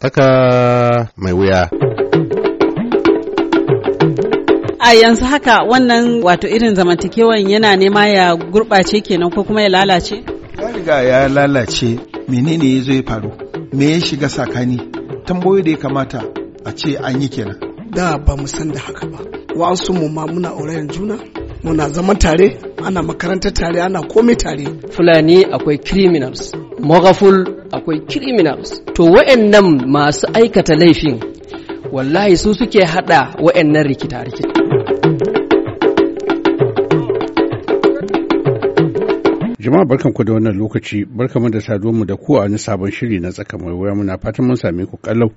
Tsaka mai wuya. a yanzu haka wannan wato irin zamantakewan yana nema ya gurɓace kenan ko kuma ya lalace? riga ya lalace menene ya zo ya faru me ya shiga sakani tambayoyi da ya kamata a ce an yi kenan da ba mu san da haka ba wa'ansu mu ma muna aurayen juna muna zama tare ana makarantar tare ana komai tare fulani akwai criminals maghaful akwai criminals to wa'annan masu aikata laifin wallahi su suke hada wa'annan rikita rikita jama'a barkan ku da wannan lokaci mu da mu da ku a wani sabon shiri na tsaka mai wuya muna fatan mun same ku kallau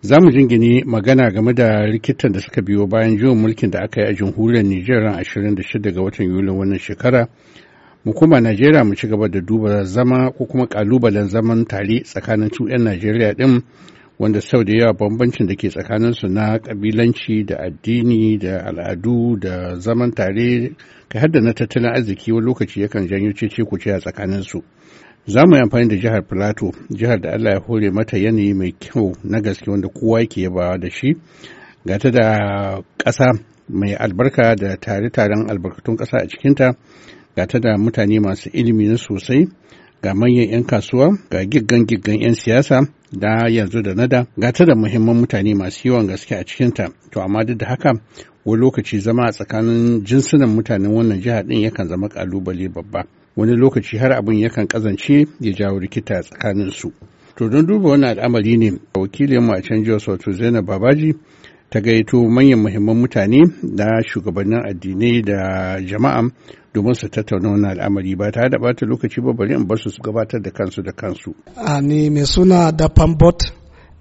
za mu jingine magana game da rikitan da suka biyo bayan juyin mulkin da aka yi a jamhuriyar Nijar ran 26 ga watan Yulin wannan shekara mu kuma najeriya mu ci gaba da duba zama ko kuma kalubalen zaman tare tsakanin su 'yan najeriya din wanda sau da yawa bambancin da ke tsakaninsu na kabilanci da addini da al'adu da zaman tare kai hadda na tattalin arziki wani lokaci yakan janyo cece ku ce a tsakaninsu za mu yi amfani da jihar plateau jihar da allah ya hore mata yanayi mai kyau na gaske wanda kowa yake yabawa da shi gata da ƙasa mai albarka da tare-taren albarkatun ƙasa a cikinta ga ta da mutane masu ilimi na sosai ga manyan 'yan kasuwa ga giggan giggan 'yan siyasa da yanzu da nada ga ta da muhimman mutane masu yawan gaske a cikinta to amma duk da haka wani lokaci zama a tsakanin jinsunan mutanen wannan jiha din yakan zama kalubale babba wani lokaci har abin yakan kazance ya jawo rikita tsakanin su to don duba wannan al'amari ne wakilin mu a can jiya wato zainab babaji ta gaito manyan muhimman mutane da shugabannin addinai da jama'a domin su tattauna wani al'amari ba tare da bata lokaci ba bari in basu su gabatar da kansu da kansu. A ah, ni mai suna da Pambot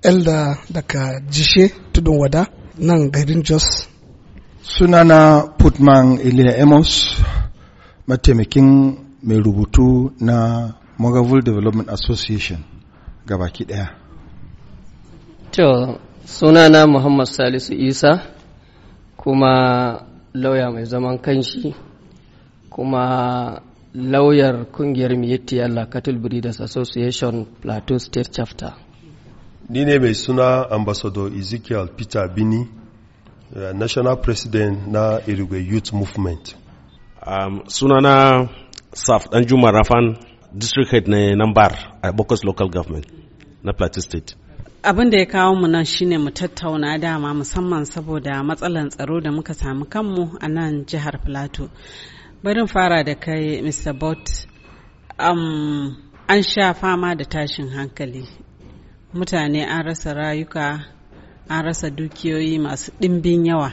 Elda daga Jishe Tudun Wada nan garin Jos. Sunana Putman Ilia Amos mataimakin mai rubutu na Mogavul Development Association gabaki daya. To sunana muhammad salisu isa kuma lauya mai zaman kanshi kuma lauyar kungiyar miyetti allah cattle breeders association plateau state chapter ni ne mai suna ambassador ezekiel peter bini uh, national president na irigwe youth movement um, sunana saf danjuma rafan district head na nambar a bokos local government na plateau state abin da ya kawo mu nan shine mu tattauna dama musamman saboda matsalan tsaro da muka samu kanmu a nan jihar plateau barin fara da kai mr bot um, an sha fama da tashin hankali mutane an rasa rayuka an rasa dukiyoyi masu ɗimbin yawa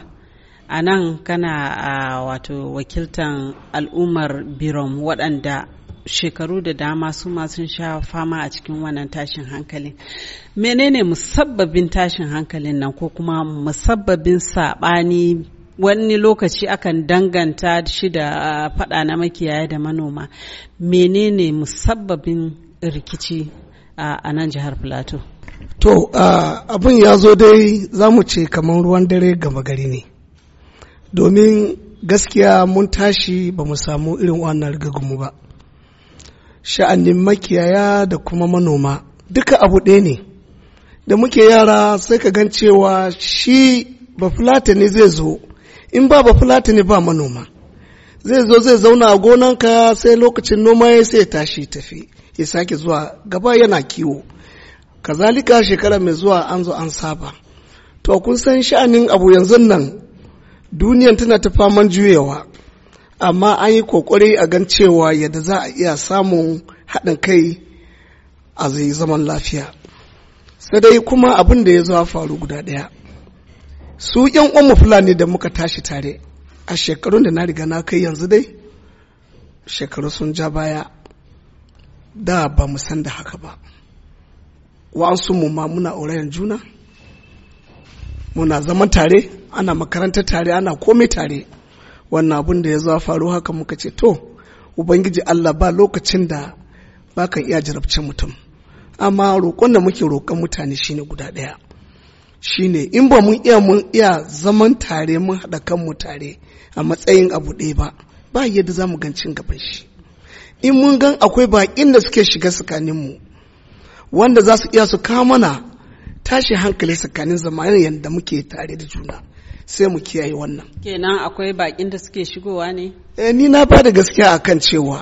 a nan kana a wato wakiltan al'ummar birom waɗanda shekaru da dama su ma sun sha fama a cikin wannan tashin hankalin menene musabbabin tashin hankalin nan ko kuma musabbabin saɓani wani lokaci akan danganta shi da ah, faɗa na makiyaya da manoma menene musabbabin rikici ah, a nan jihar plateau to ah, abin ya zo dai za mu ce kamar ruwan dare gama gari ne domin gaskiya mun tashi ba mu samu irin wannan rigagunmu ba sha'anin makiyaya da kuma manoma duka abu ɗaya ne da muke yara sai ka gan cewa shi ne zai zo in ba ne ba manoma zai zo zai zauna a gonanka sai lokacin noma ya sai tashi tafi ya sake zuwa gaba yana kiwo kazalika shekara mai zuwa an zo an saba to kun san sha'anin abu yanzu nan duniyan tana ta faman juyewa amma an yi kokari a gan cewa yadda za a iya samun haɗin kai a zai zaman lafiya sai dai kuma abin da ya zo faru guda ɗaya su yan mu fulani da muka tashi tare a shekarun da na riga na kai yanzu dai shekaru sun ja baya da ba mu san da haka ba wa'ansu mu ma muna aurayen juna muna zaman tare ana makaranta tare ana komai tare wannan abun da ya zo faru haka muka ce to ubangiji Allah ba lokacin da kan iya jarabcin mutum amma roƙon da muke roƙon mutane shine guda ɗaya shine in ba mun iya mun iya zaman tare mun haɗa kanmu tare a matsayin abu ɗaya ba ba yadda za mu gan cin gaban shi in mun gan akwai baƙin da suke shiga tsakanin mu wanda za su iya su kawo mana tashi hankali tsakanin zamanin yadda muke tare da juna sai mu kiyaye wannan kenan akwai bakin da suke shigowa ne eh ni na ba da gaskiya akan cewa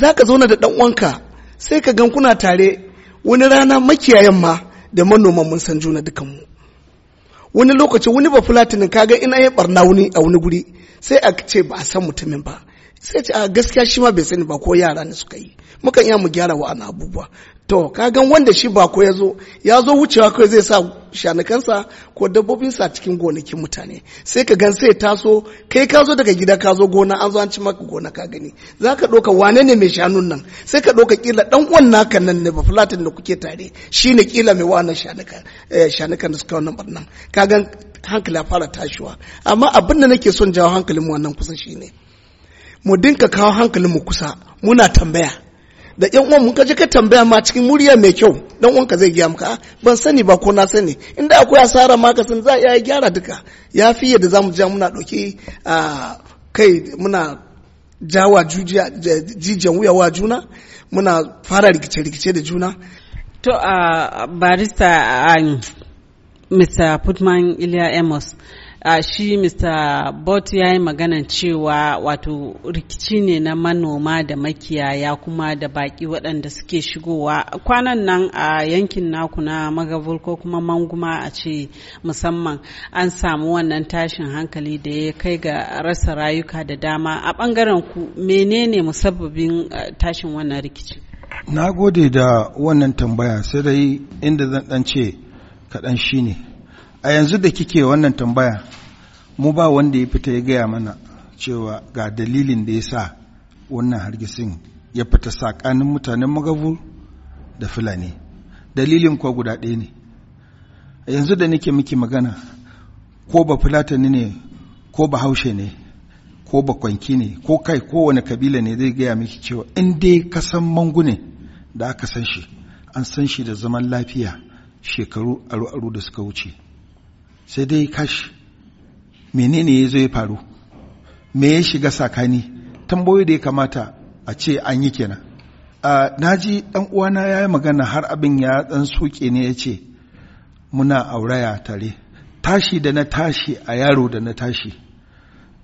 za ka zauna da ɗan'uwanka uwanka sai ka gan kuna tare wani rana makiyayen ma da manoman mun san juna dukanmu wani lokaci wani ba fulatinin ga ina ya barna wani a wani guri sai a ce ba a san mutumin ba sai ce a gaskiya shi ma bai sani ba ko yara ne suka yi mukan iya mu gyara wa abubuwa to ga wanda shi ba ko ya zo ya zo wucewa kawai zai sa shanukansa ko dabbobinsa cikin gonakin mutane sai ka gan sai taso kai ka zo daga gida ka zo gona an zo an ci maka gona ka gani za ka ɗauka wane ne mai shanun nan sai ka ɗauka kila ɗan uwan naka nan ne ba da kuke tare shine ne kila mai wannan shanukan eh, shanukan da suka wannan barnan ka gan hankali fara tashiwa amma abin da nake son jawo hankalin mu wannan kusa shine mu dinka kawo hankalin mu kusa muna tambaya da yan uwan ka je ka tambaya ma cikin murya mai kyau dan uwanka zai gaya maka ah, ban sani ba ko na sani inda akwai asara ma ka za a gyara duka ya fi yadda zamu ja muna dauke kai muna jawa jijiyan wuyawa juna muna fara rikice-rikice da juna to a barista Mr. Um, Putman ilia Amos Ah, shi mr bot ya yi maganan cewa wato rikici ne na manoma da makiyaya kuma da baki waɗanda suke shigowa kwanan nan a yankin naku na magabul ko kuma manguma a ce musamman an samu wannan tashin hankali da ya kai ga rasa rayuka da dama a ɓangaren ku menene musabbabin eh, tashin wannan rikici na gode da wannan tambaya sai dai inda zan ɗan ce kaɗan shine a yanzu da kike wannan tambaya mu ba wanda ya fita ya gaya mana cewa ga dalilin da ya sa wannan hargitsin ya fita sakanin mutanen magabu da fulani dalilin kuwa guda ɗaya ne a yanzu da nake miki magana ko ba fulatani ne ko ba haushe ne ko ba kwanki ne ko kai kowane kabila ne zai gaya miki cewa in dai ka san mangu da aka san shi an san shi da zaman lafiya shekaru aru-aru da suka wuce sai dai kashi menene ya zo ya faru me ya shiga sakani tamboyi da ya kamata a ce an yi kenan na ji ɗan uwana ya yi magana har abin ya ɗan soke ne ya ce muna auraya tare tashi da na tashi a yaro da na tashi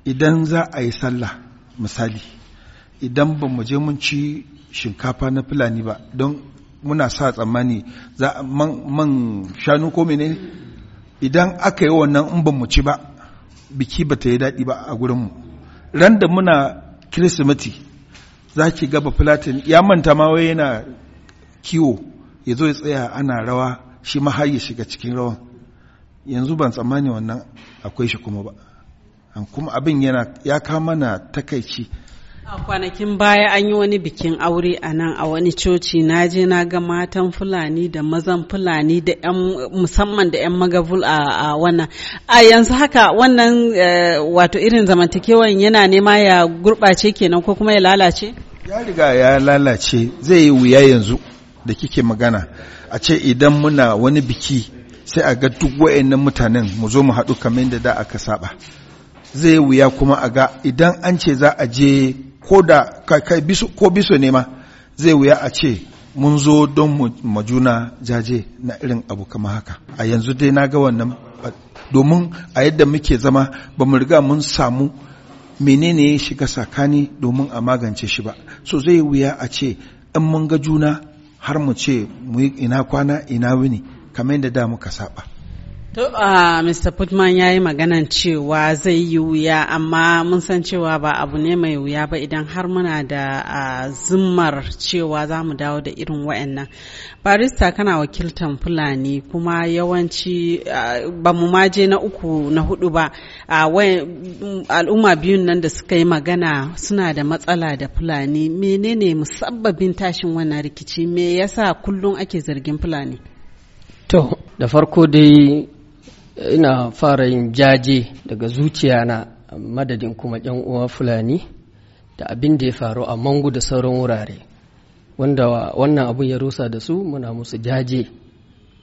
idan za a yi sallah misali idan ba mu je mun ci shinkafa na fulani ba don muna sa tsammani za man shanu ko menene idan aka yi wannan in ba mu ci ba biki ba ta yi daɗi ba a gurinmu ran da muna kirsimeti za ki gaba filatin ya manta ma wai yana kiwo ya zo ya tsaya ana rawa shi ma har ya shiga cikin rawan yanzu ban tsammani wannan akwai shi kuma ba an kuma abin yana ya kama na takaici A kwanakin baya an yi wani bikin aure a nan a wani coci na je na ga matan Fulani da mazan Fulani da yan musamman da yan magabul a wannan. A yanzu haka wannan eh, wato irin zamantakewan yana nema ya gurɓace kenan ko kuma ya lalace? Ya riga ya lalace zai yi wuya yanzu da kike magana a ce idan muna wani biki sai a ga duk wa'annan mutanen mu zo mu haɗu kamar da da aka saba. zai wuya kuma a ga idan an ce za a je ko da kai ko biso nema zai wuya a ce mun zo don mu juna jaje na irin abu kama haka a yanzu dai na ga wannan domin a yadda muke zama ba mu riga mun samu menene ya shiga sakani domin a magance shi ba so zai wuya a ce in mun ga juna har mu ce mu ina kwana ina wuni kamar yadda da muka saba To, uh, Mr. Putman ya yi maganan cewa zai yi wuya, amma mun san cewa ba abu ne mai wuya ba idan har muna da uh, zimmar cewa za mu dawo da irin wa'annan. Barista kana wakiltan Fulani kuma yawanci uh, ba mu maje na uku na hudu ba, uh, al'umma biyun nan da suka yi magana suna da matsala da Fulani. Menene musabbabin tashin wannan rikici? Me yasa kullum ake zargin Fulani? To, da farko dai ina fara yin jaje daga zuciya na madadin kuma yan uwa fulani da abin da ya faru a mangu da sauran wurare wanda wannan abun ya rusa da su muna musu jaje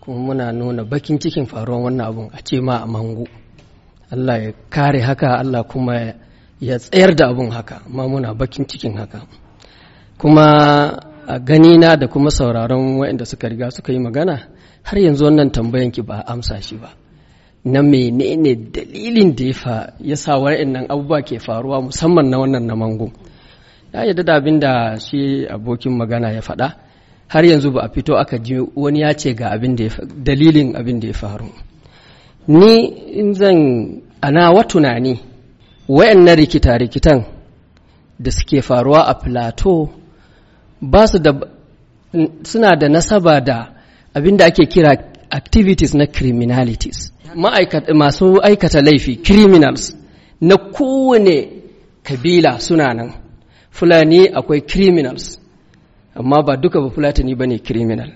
kuma muna nuna bakin cikin faruwan wannan abun a ce ma a mangu Allah ya kare haka Allah kuma ya tsayar da abun haka ma muna bakin cikin haka kuma a ganina da kuma sauraron waɗanda suka riga suka yi magana har yanzu wannan tambayan ki ba amsa shi ba na menene dalilin da ya fa ya sa nan abubuwa ke faruwa musamman na wannan na mango ya yi da abin da shi abokin magana ya faɗa har yanzu ba a fito aka ji wani ya ce ga abin da dalilin abin da ya faru ni in zan ana wa tunani wayannan rikita-rikitan da suke faruwa a plateau ba su da suna da nasaba da abin da ake kira activities na criminalities masu aikata laifi criminals na kowane kabila suna nan fulani akwai criminals amma ba duka ba fulatani ba ne criminal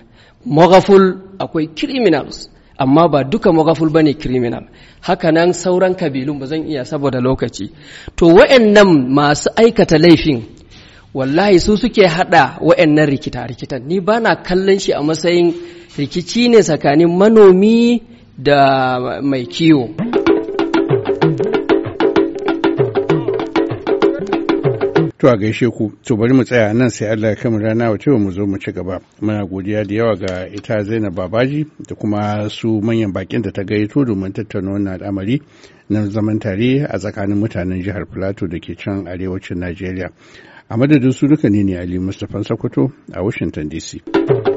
magaful akwai criminals amma ba duka magaful ba ne criminal hakanan sauran kabilun ba zan iya saboda lokaci to wa'annan masu aikata laifin wallahi su suke haɗa wa'annan rikita-rikitan ni ba na kallon shi a matsayin rikici ne tsakanin manomi da mai kiwo To a gaishe ku, to bari mu tsaya nan sai Allah ya kama rana wace mu zo mu ci gaba. Muna godiya da yawa ga ita Zainab Babaji da kuma su manyan bakin da ta gayyato domin tattauna wannan al'amari na zaman tare a tsakanin mutanen jihar Plateau da ke can arewacin Najeriya. a madadin su duka ne ne ali mustapha sokoto a washington dc